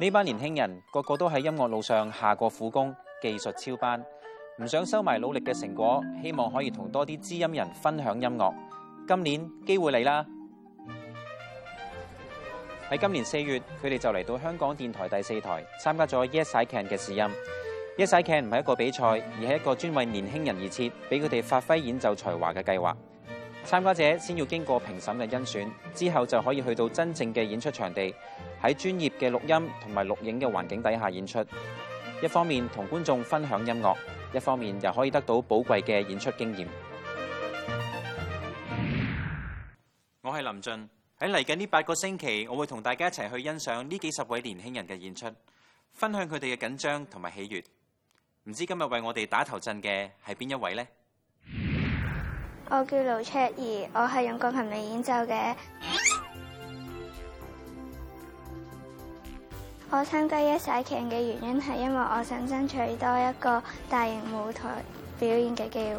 呢班年輕人個個都喺音樂路上下過苦功，技術超班，唔想收埋努力嘅成果，希望可以同多啲知音人分享音樂。今年機會嚟啦！喺今年四月，佢哋就嚟到香港電台第四台參加咗 Yes I Can 嘅試音。Yes I Can 唔係一個比賽，而係一個專為年輕人而設，俾佢哋發揮演奏才華嘅計劃。參加者先要經過評審嘅甄選，之後就可以去到真正嘅演出場地。喺專業嘅錄音同埋錄影嘅環境底下演出，一方面同觀眾分享音樂，一方面又可以得到寶貴嘅演出經驗。我係林俊，喺嚟緊呢八個星期，我會同大家一齊去欣賞呢幾十位年輕人嘅演出，分享佢哋嘅緊張同埋喜悅。唔知今日為我哋打頭陣嘅係邊一位呢？我叫盧卓儀，我係用鋼琴嚟演奏嘅。我參加《一洗劇》嘅原因係因為我想爭取多一個大型舞台表演嘅機會。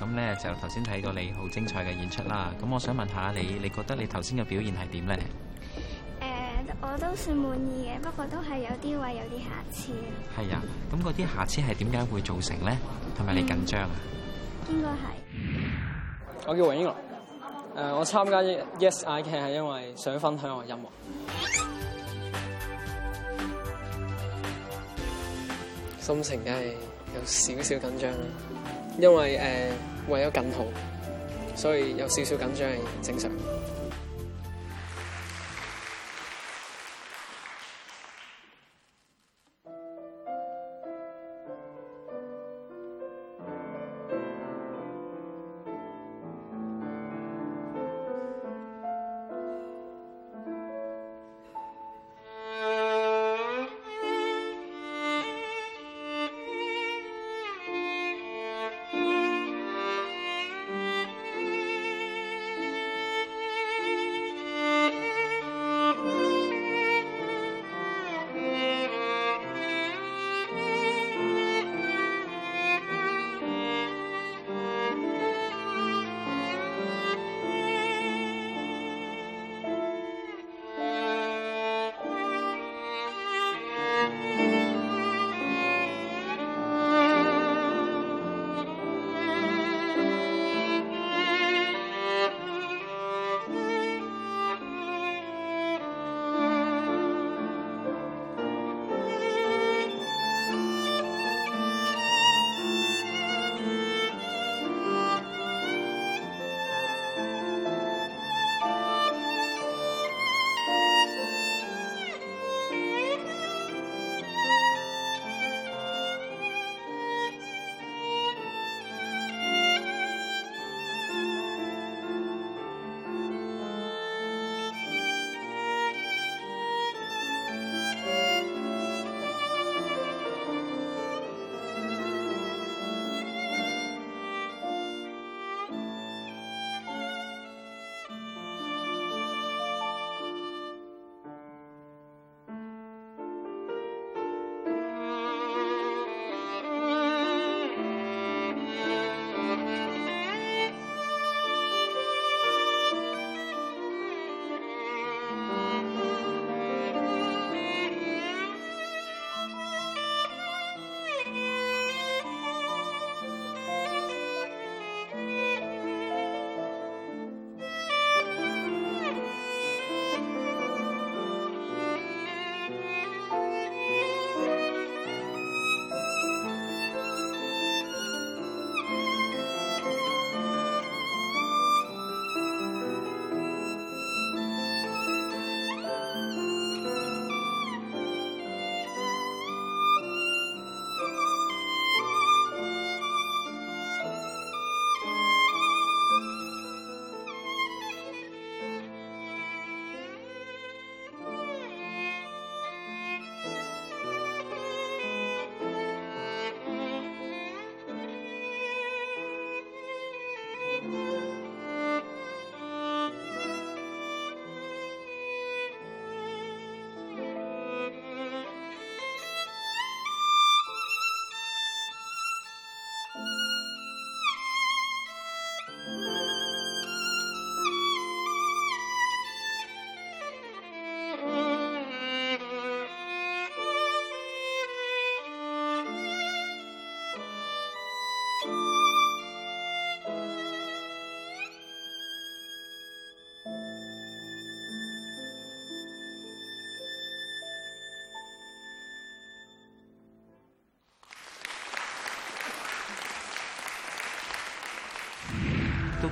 咁咧就頭先睇過你好精彩嘅演出啦，咁我想問下你，你覺得你頭先嘅表現係點咧？誒、呃，我都算滿意嘅，不過都係有啲位，有啲瑕疵。係啊，咁嗰啲瑕疵係點解會造成咧？係咪你緊張啊？應該係。我叫黃英龍，誒、呃，我參加、y、Yes I Can 係因為想分享我音樂。心情梗係有少少緊張。因為誒、呃、為咗更好，所以有少少緊張係正常。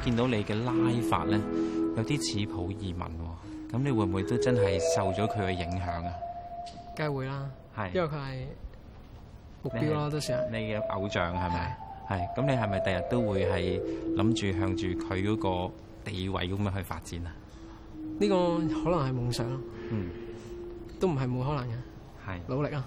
見到你嘅拉法咧，有啲似普爾文喎，咁你會唔會都真係受咗佢嘅影響啊？梗係會啦，係因為佢係目標咯，多時你嘅偶像係咪？係，咁你係咪第日都會係諗住向住佢嗰個地位咁樣去發展啊？呢個可能係夢想，嗯，都唔係冇可能嘅，係努力啊！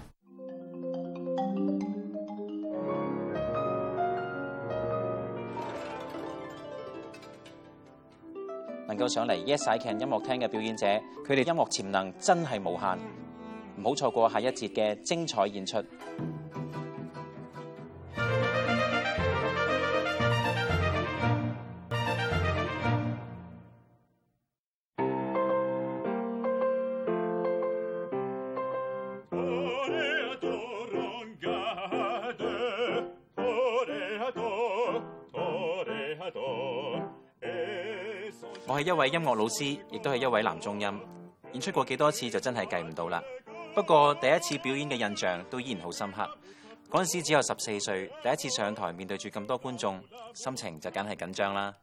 能夠上嚟 Yes I Can 音樂廳嘅表演者，佢哋音樂潛能真係無限，唔好錯過下一節嘅精彩演出。係一位音樂老師，亦都係一位男中音，演出過幾多次就真係計唔到啦。不過第一次表演嘅印象都依然好深刻。嗰陣時只有十四歲，第一次上台面對住咁多觀眾，心情就梗係緊張啦。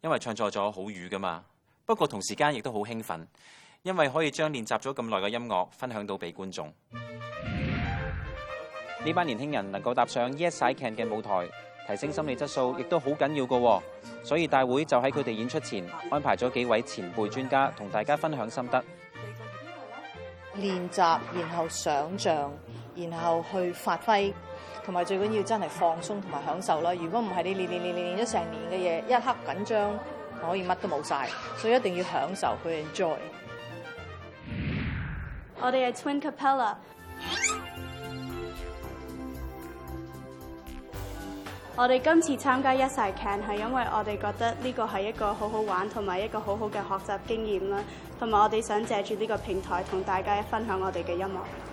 因為唱錯咗好瘀㗎嘛。不過同時間亦都好興奮，因為可以將練習咗咁耐嘅音樂分享到俾觀眾。呢班年輕人能夠踏上 Yes I Can 嘅舞台。提升心理質素亦都好緊要嘅，所以大會就喺佢哋演出前安排咗幾位前輩專家同大家分享心得。練習，然後想像，然後去發揮，同埋最緊要真係放鬆同埋享受啦。如果唔係你練你練練練練咗成年嘅嘢，一刻緊張可以乜都冇晒。所以一定要享受佢 enjoy。我哋係 Twin Capella。我哋今次參加《Yes I Can》係因為我哋覺得呢個係一個好好玩同埋一個好好嘅學習經驗啦，同埋我哋想借住呢個平台同大家分享我哋嘅音樂。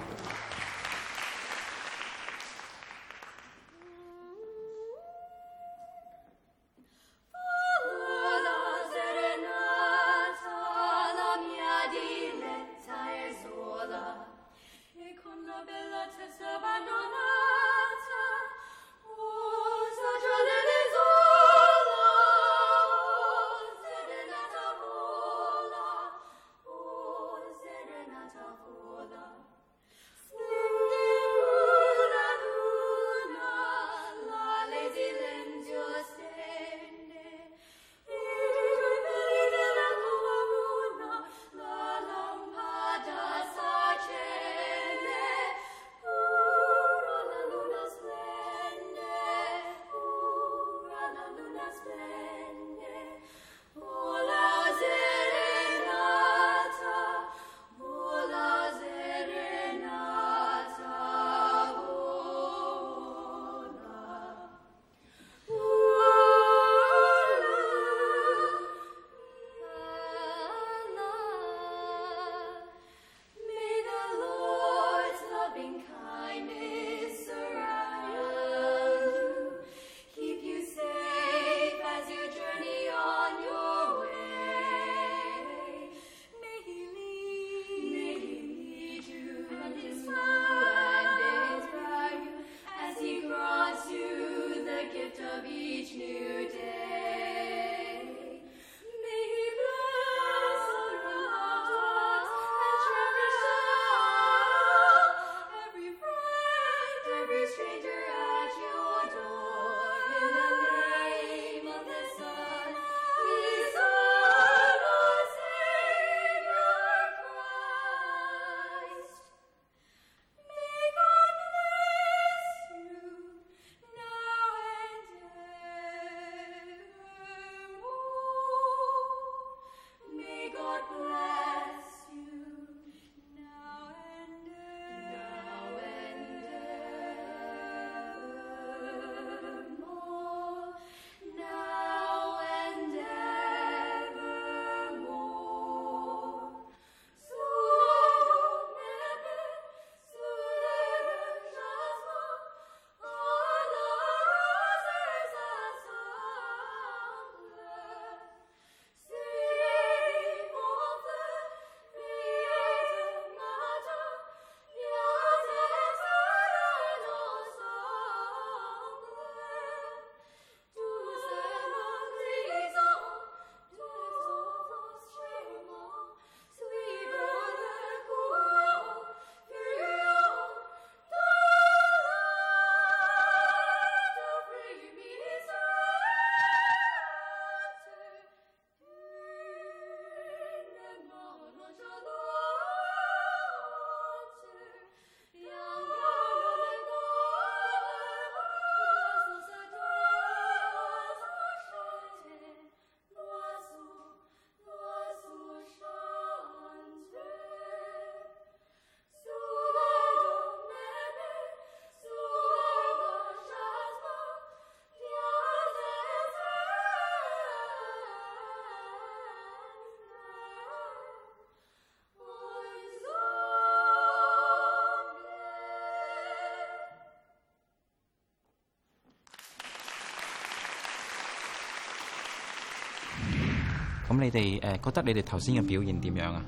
咁你哋誒、呃、覺得你哋頭先嘅表現、um, 點樣啊？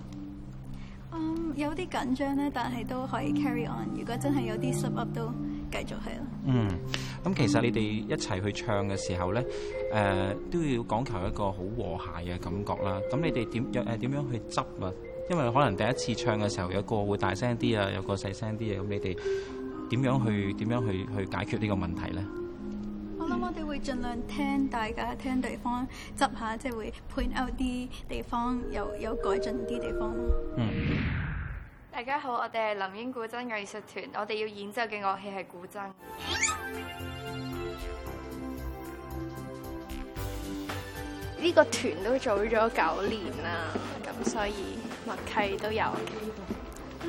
嗯，有啲緊張咧，但係都可以 carry on。如果真係有啲 slip up，都繼續係咯。嗯，咁其實你哋一齊去唱嘅時候咧，誒、um, 呃、都要講求一個好和諧嘅感覺啦。咁你哋點樣誒點樣去執啊？因為可能第一次唱嘅時候，有一個會大聲啲啊，有一個細聲啲啊。咁你哋點樣去點樣去去解決呢個問題咧？咁我哋會盡量聽大家聽對方，執下即係會 point out 啲地方有有改進啲地方咯。嗯。大家好，我哋係林英古箏藝、藝術團，我哋要演奏嘅樂器係古箏。呢、呢個團都做咗九年啦，咁所以默契都有。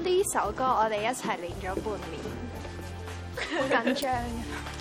呢 首歌我哋一齊練咗半年，好緊張。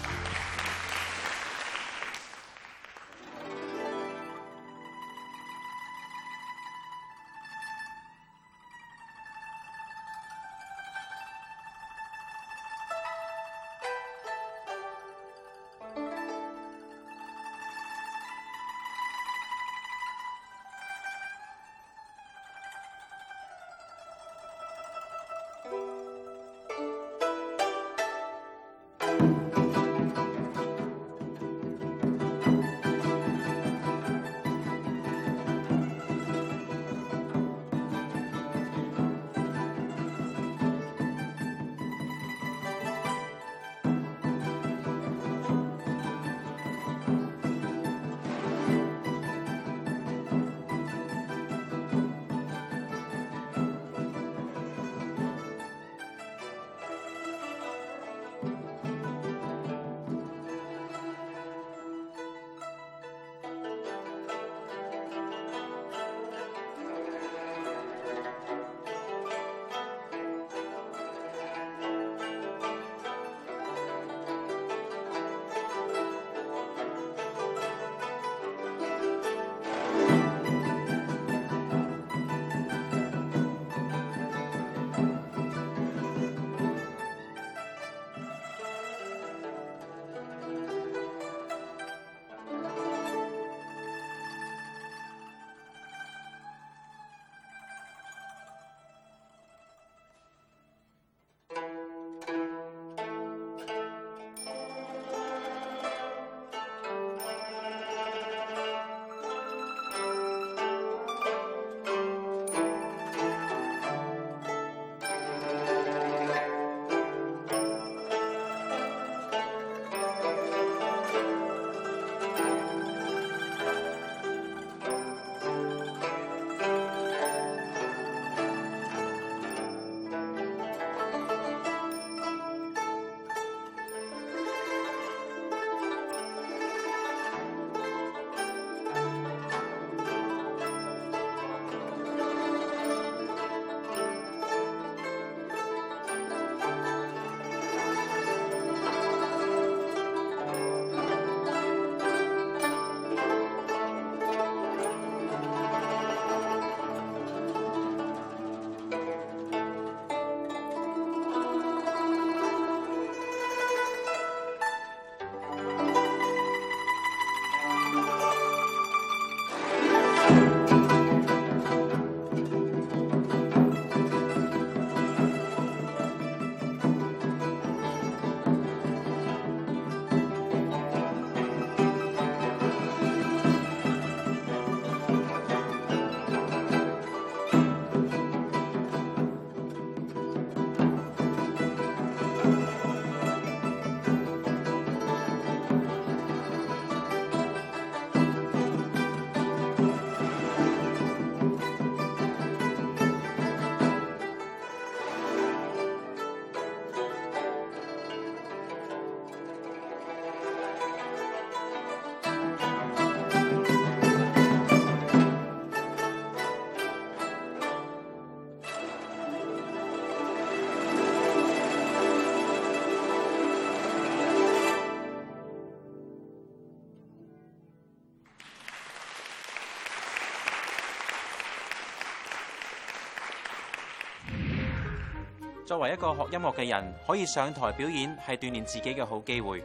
作為一個學音樂嘅人，可以上台表演係鍛鍊自己嘅好機會。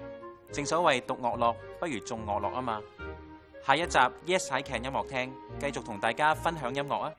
正所謂獨樂樂不如眾樂樂啊嘛！下一集 Yes I Can 音樂廳繼續同大家分享音樂啊！